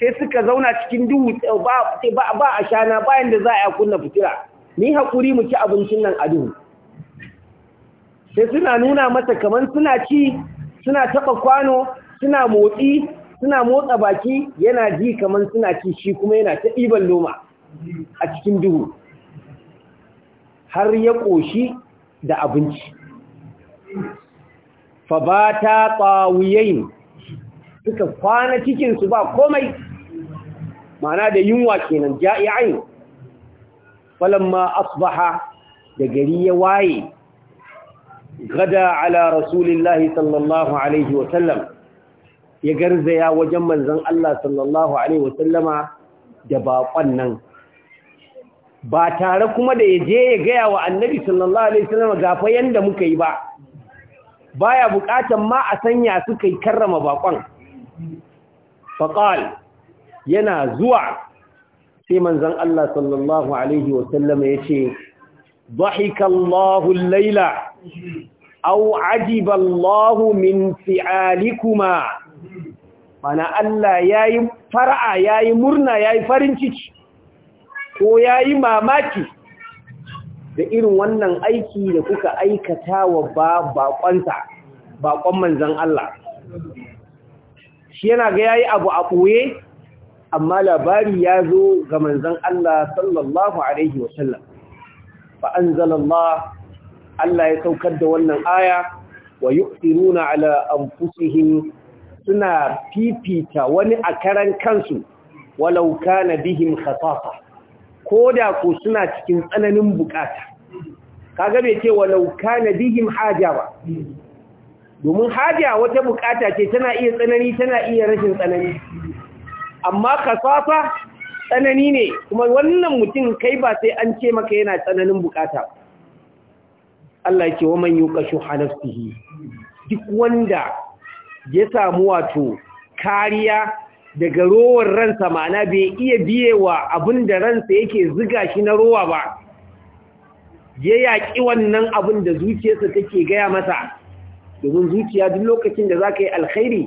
sai suka zauna cikin duhu ba a shana bayan da za a kunna fitila ni hakuri mu ci abincin nan a duhu sai suna nuna masa kaman suna ci suna taɓa kwano suna motsi suna motsa baki yana ji kaman suna ci shi kuma yana ta ɗiban loma a cikin duhu har ya ƙoshi da abinci fa ba ta suka kwana cikinsu ba komai ma'ana da yunwa kenan ja'i'ain falamma asbaha da gari ya waye gada ala rasulillahi sallallahu alaihi wa sallam ya garzaya wajen manzon Allah sallallahu alaihi wa sallama da bakon nan ba tare kuma da ya je ya gaya wa annabi sallallahu alaihi wasallam gafa yanda muka yi ba baya bukatan ma a sanya suka yi karrama bakon faqal yana zuwa sai manzon Allah sallallahu alaihi ce, yace dhahikallahu al-laila aw ajiballahu min fi'alikuma mana Allah yayi far'a yayi murna yayi farin ciki ko yayi mamaki da irin wannan aiki da kuka aikata wa baƙonsa baƙon manzon Allah shi yana ga yayi abu a ɓoye amma labari ya zo ga manzon Allah sallallahu alaihi wasallam fa anzalallah Allah ya saukar da wannan aya wa yu'thiruna ala anfusihim suna fifita wani a karan kansu na bihin bihim Ko da ko suna cikin tsananin bukata kaga bai ce walauka na bihin haja ba domin haja wata bukata ce tana iya tsanani tana iya rashin tsanani amma kasafa tsanani ne kuma wannan mutum kai ba sai an ce maka yana tsananin bukata Allah yake wa man yuqashu hanafsihi duk wanda ya samu wato kariya daga rowar ransa ma'ana bai iya biyewa abin da ransa yake ziga shi na rowa ba ya yaƙi wannan abin da zuciyarsa take gaya masa domin zuciya duk lokacin da za ka yi alkhairi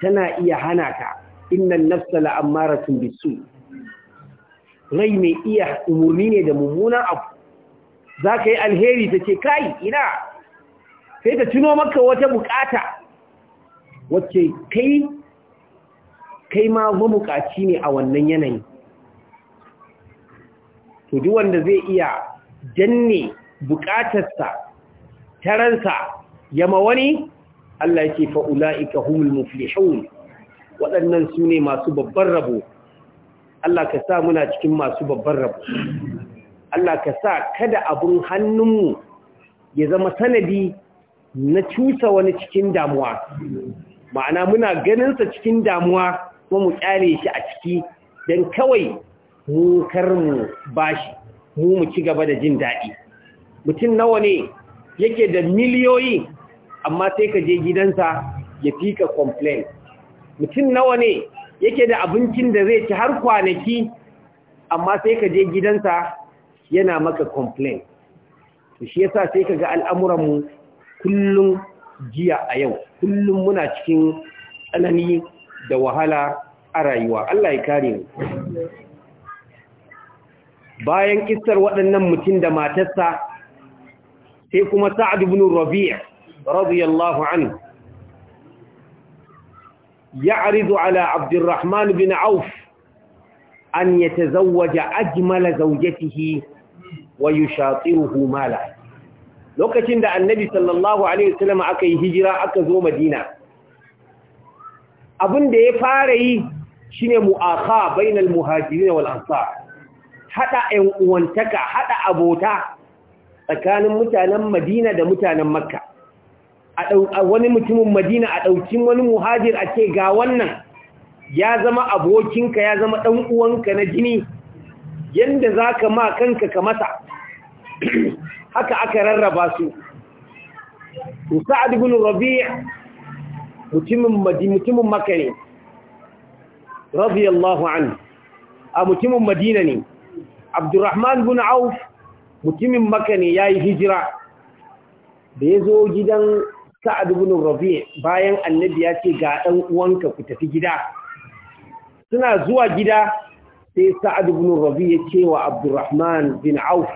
tana iya hana ka innan nafsa la'ammaratun bisu rai mai iya umarni ne da mummunan abu za ka yi alheri ta ce kai ina sai ta tuno maka wata bukata wacce kai kai ma mabukaci ne a wannan yanayi to duk wanda zai iya danne bukatarsa taransa yama wani Allah ya ce fa'ula'ika humul muflihun waɗannan su ne masu babban rabo Allah ka sa muna cikin masu babban rabo Allah ka sa kada abun hannunmu ya zama sanadi na cusa wani cikin damuwa ma'ana muna ganinsa cikin damuwa kuma mu kyale shi a ciki don kawai mu kar mu bashi mu mu ci gaba da jin daɗi mutum nawa ne yake da miliyoyi amma sai ka je gidansa ya fika complain mutum nawa ne yake da abincin da zai ci har kwanaki amma sai ka je gidansa yana maka complain to shi yasa sai ka ga mu kullum jiya a yau kullum muna cikin tsanani da wahala a rayuwa Allah ya kare mu bayan kissar waɗannan mutum da matarsa sai kuma sa'ad ibn rabi' radiyallahu anhu يعرض على عبد الرحمن بن عوف أن يتزوج أجمل زوجته ويشاطره ماله lokacin da annabi sallallahu alaihi wasallam aka yi hijira aka zo madina Abun da ya fara yi shine mu'akha bainal muhajirin wal ansar Haɗa ɗan uwantaka haɗa abota tsakanin mutanen madina da mutanen makka wani mutumin madina a ɗauki wani muhajir a ce ga wannan ya zama abokinka ya zama ɗan uwanka na jini yadda za ka ma kanka ka masa haka aka rarraba su musa ibn rabi' mutumin mutumin maka ne radiyallahu an! a mutumin madina ne abdurrahman bin auf mutumin maka ne yayi hijira da ya zo gidan Sa'ad ibn Rabi' bayan Annabi ya ce ga ɗan uwanka ku tafi gida suna zuwa gida sai Sa'ad ibn Rabi' ya ce wa Abdurrahman bin Auf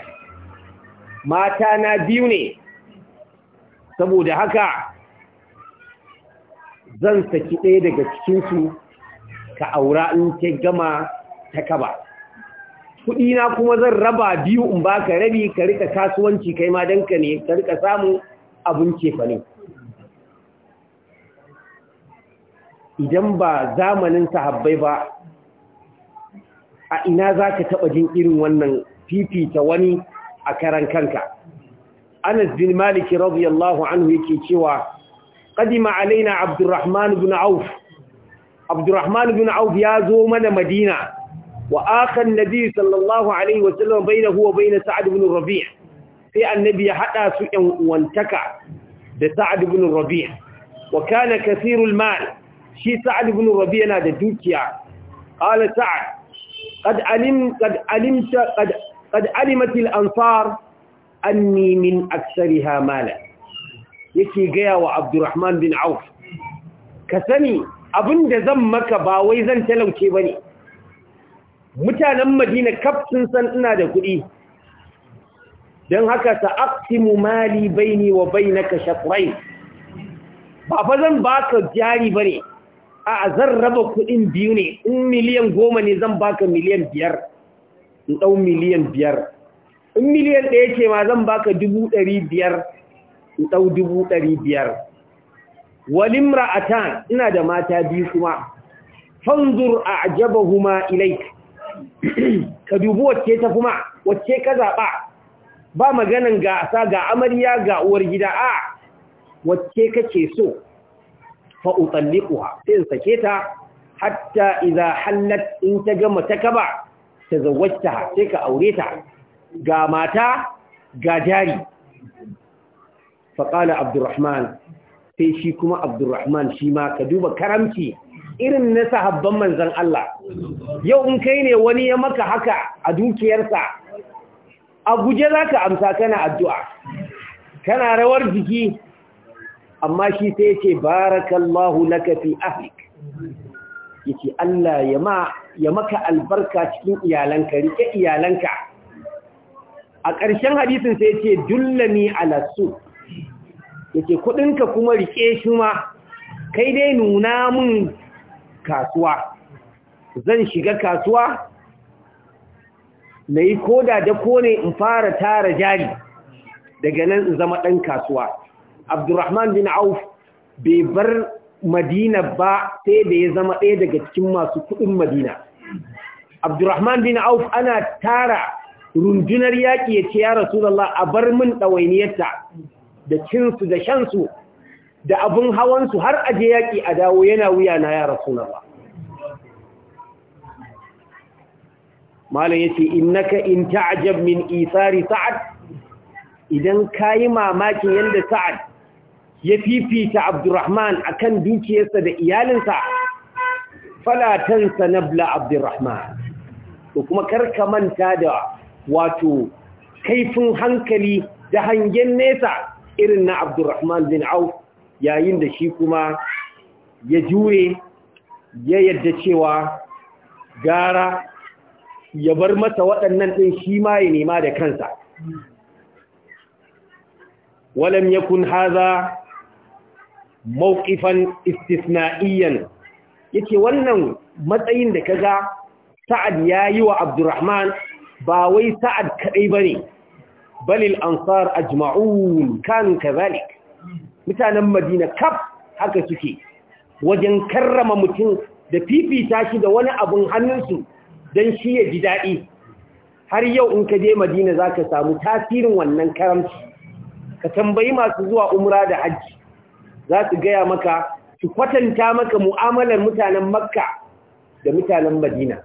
mata na biyu ne saboda haka zan saki ɗaya daga cikinsu ka aura in ke gama ta kaba kuɗi na kuma zan raba biyu in ba ka rabi ka rika kasuwanci kai ma don ka ne ka rika samun abin cefane. idan ba zamanin sahabbai ba a ina za ka taɓa jin irin wannan fifita wani a karan kanka anas bin maliki radiyallahu anhu yake cewa qadima alaina abdurrahman bin auf abdurrahman bin auf ya zo mana madina wa akan nabi sallallahu alaihi wasallam bainahu wa bain Sa'ad bin rabi' sai annabi ya hada su ƴan uwantaka da Sa'ad bin rabi' wa kana kathirul mal shi sa'ad bin rabi yana da dukiya qala sa'ad qad alim qad alimta qad qad ansar yake gaya wa abdurrahman bin auf ka sani abinda zan maka ba wai zan talauce ne. mutanen madina kaf sun san ina da kuɗi don haka ta'aqsimu mali baini wa bainaka shaqrayn ba fa zan baka jari bane a zan raba kuɗin biyu ne in miliyan goma ne zan baka miliyan biyar in ɗau miliyan biyar in miliyan ɗaya ce ma zan baka dubu ɗari biyar in ɗau dubu ɗari biyar walin ra'ata ina da mata biyu kuma fanzur a ajaba huma ilai ka dubu wacce ta kuma wacce ka zaɓa ba maganin gasa ga amarya ga uwar gida a wacce kake so fa utalliquha sai in sake ta hatta iza hannat in ta gama ta kaba ta zawwajta sai ka aure ta ga mata ga jari fa abdurrahman sai shi kuma abdurrahman shi ma ka duba karamci irin na sahabban manzan Allah yau in kai ne wani ya maka haka a dukiyarsa a guje za ka amsa kana addu'a kana rawar jiki amma shi sai yace barakallahu laka fi ahlik Yake Allah ya maka albarka cikin iyalanka rike iyalanka a ƙarshen hadisin sai yace dullani ala su yace kuɗinka kuma rike shi ma kai dai nuna mun kasuwa zan shiga kasuwa na yi koda da kone in fara tara jari daga nan in zama ɗan kasuwa abdurrahman bin auf bai bar madina ba sai da ya zama ɗaya daga cikin masu kuɗin madina abdurrahman bin auf ana tara rundunar yaƙi ya ce ya rasulallah a bar min ɗawainiyarta da cinsu da shansu da abin hawansu har aje yaƙi a dawo yana wuya na ya rasulallah malam ya ce innaka in ta min isari sa'ad idan ka yi mamakin yadda sa'ad ya fifita Abdurrahman kan dukiyarsa da iyalinsa falatansa na sanabla Abdurrahman to kuma karka manta da wato kaifin hankali da hangen nesa irin na Abdurrahman bin Auf yayin da shi kuma ya jure ya yadda cewa gara ya bar masa waɗannan ɗin shi ma ya nema da kansa walam yakun haza Mauƙifan istisna'iyan yake wannan matsayin da kaga Sa'ad yayi wa Abdurrahman ba wai Sa'ad kadai bane balil ansar ajma'un kan kazalik mutanen Madina kaf haka suke wajen karrama mutum da fifita shi da wani abun hannunsu don shi ya ji daɗi har yau in ka je madina za ka samu tasirin wannan karamci ka tambayi masu zuwa umra da hajji za su gaya maka su kwatanta maka mu'amalar mutanen makka da mutanen madina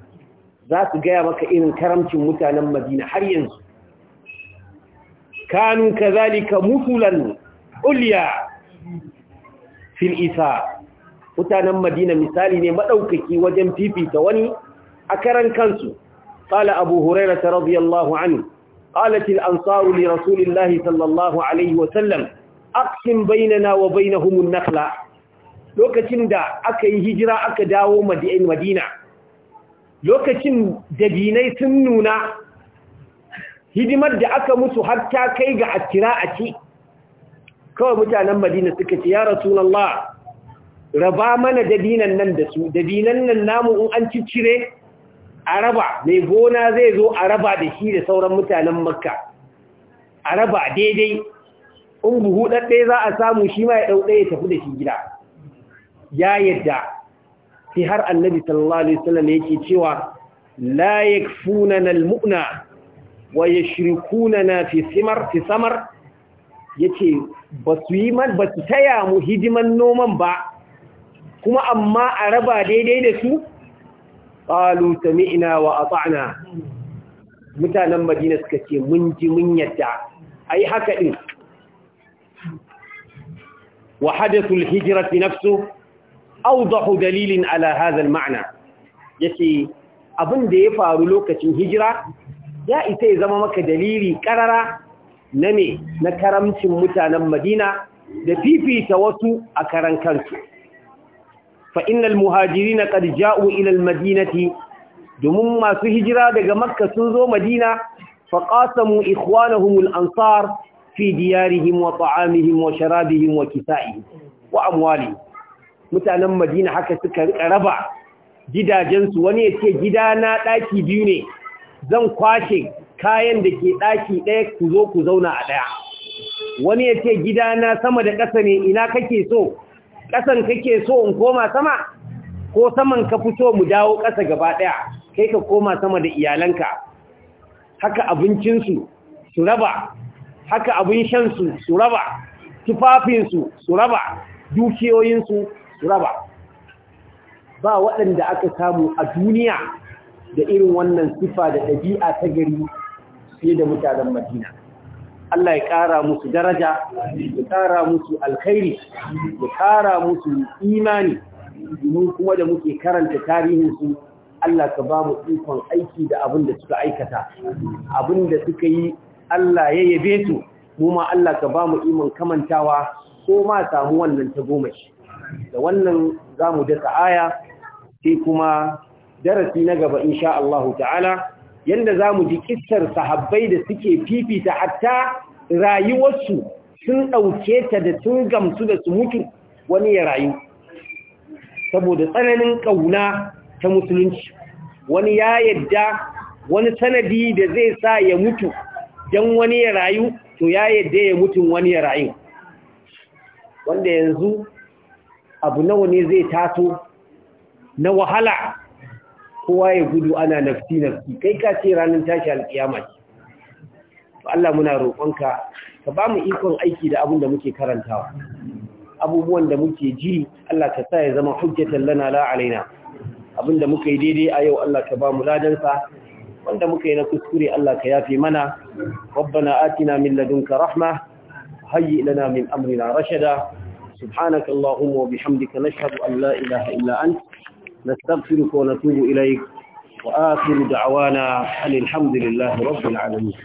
za su gaya maka irin karamcin mutanen madina har yanzu kanu kazalika musulan uliya fil isa mutanen madina misali ne maɗaukaki wajen fifita wani a karan kansu قال أبو هريرة رضي الله عنه قالت الأنصار لرسول الله sallallahu الله عليه aksin bainana wa bainahumun nakla. lokacin da aka yi hijira aka dawo madina lokacin da dinai sun nuna hidimar da aka musu har kai ga attira a ci kawai mutanen madina suka ce ya rasulallah raba mana dinan nan da su dinan nan namu in an ciccire a raba mai gona zai zo a raba da shi da sauran mutanen makka a raba daidai in buhu ɗaɗɗaya za a samu shi ma ya ɗau ɗaya tafi da shi gida ya yadda sai har annabi sallallahu alaihi wasallam yake cewa la yakfunana almu'na wa yashrikuna fi samar fi samar yace ba su yi man basu taya mu hidiman noman ba kuma amma a raba daidai da su qalu sami'na wa ata'na mutanen madina suka ce mun ji mun yadda ai haka din وحدث الهجرة نفسه أوضح dalilin على ma'ana. المعنى يتي abin da ya faru lokacin hijira ya isa ya zama maka dalili ƙarara? na ne na karamcin mutanen Madina da fifita wasu a karan kansu fa innal muhajirina qad ja'u ila al madinati domin masu hijira daga makka sun zo madina fa qasamu ikhwanahum al ansar fi diyarihim wa ta'amihim wa sharabihim wa kisa'ihim wa amwalihim mutanen Madina haka suka raba gidajensu wani ya ce na ɗaki biyu ne zan kwashe kayan da ke ɗaki ɗaya ku zo ku zauna a ɗaya wani ya ce na sama da ƙasa ne ina kake so ƙasan kake so in koma sama ko saman ka fito mu dawo ƙasa gaba ɗaya kai ka koma sama da iyalanka haka abincinsu su raba haka abin shansu su raba tufafinsu su raba dukiyoyinsu su raba ba waɗanda aka samu a duniya da irin wannan sifa da ɗabi'a ta gari fiye da mutanen madina Allah ya ƙara musu daraja ya ƙara musu alkhairi ya ƙara musu imani domin kuma da muke karanta tarihinsu Allah ka ba mu ikon aiki da abin da suka aikata abin da suka yi Allah ya yabe su mu ma Allah ka ba mu iman kamantawa ko ma samu wannan ta goma shi da wannan za mu dasa aya sai kuma darasi na gaba insha Allah ta'ala yanda za mu ji kissar sahabbai da suke fifita hatta rayuwarsu sun ɗauke ta da sun gamsu da su mutu wani ya rayu saboda tsananin ƙauna ta musulunci wani ya yadda wani sanadi da zai sa ya mutu don wani ya rayu to ya yadda ya mutum wani ya rayu wanda yanzu abu nawa ne zai taso na wahala kowa ya gudu ana nafsi nafsi kai ka ce ranar tashi alkiyama ce to Allah muna roƙonka ka ba mu ikon aiki da abin da muke karantawa abubuwan da muke ji Allah ka sa ya zama hujjatan lana la alaina abin da muka yi daidai a yau Allah ka ba mu ladansa wanda muka yi na kuskure Allah ka yafe mana ربنا آتنا من لدنك رحمة هيئ لنا من أمرنا رشدا سبحانك اللهم وبحمدك نشهد أن لا إله إلا أنت نستغفرك ونتوب إليك وآخر دعوانا أن الحمد لله رب العالمين